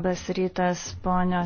Labas rytas, ponios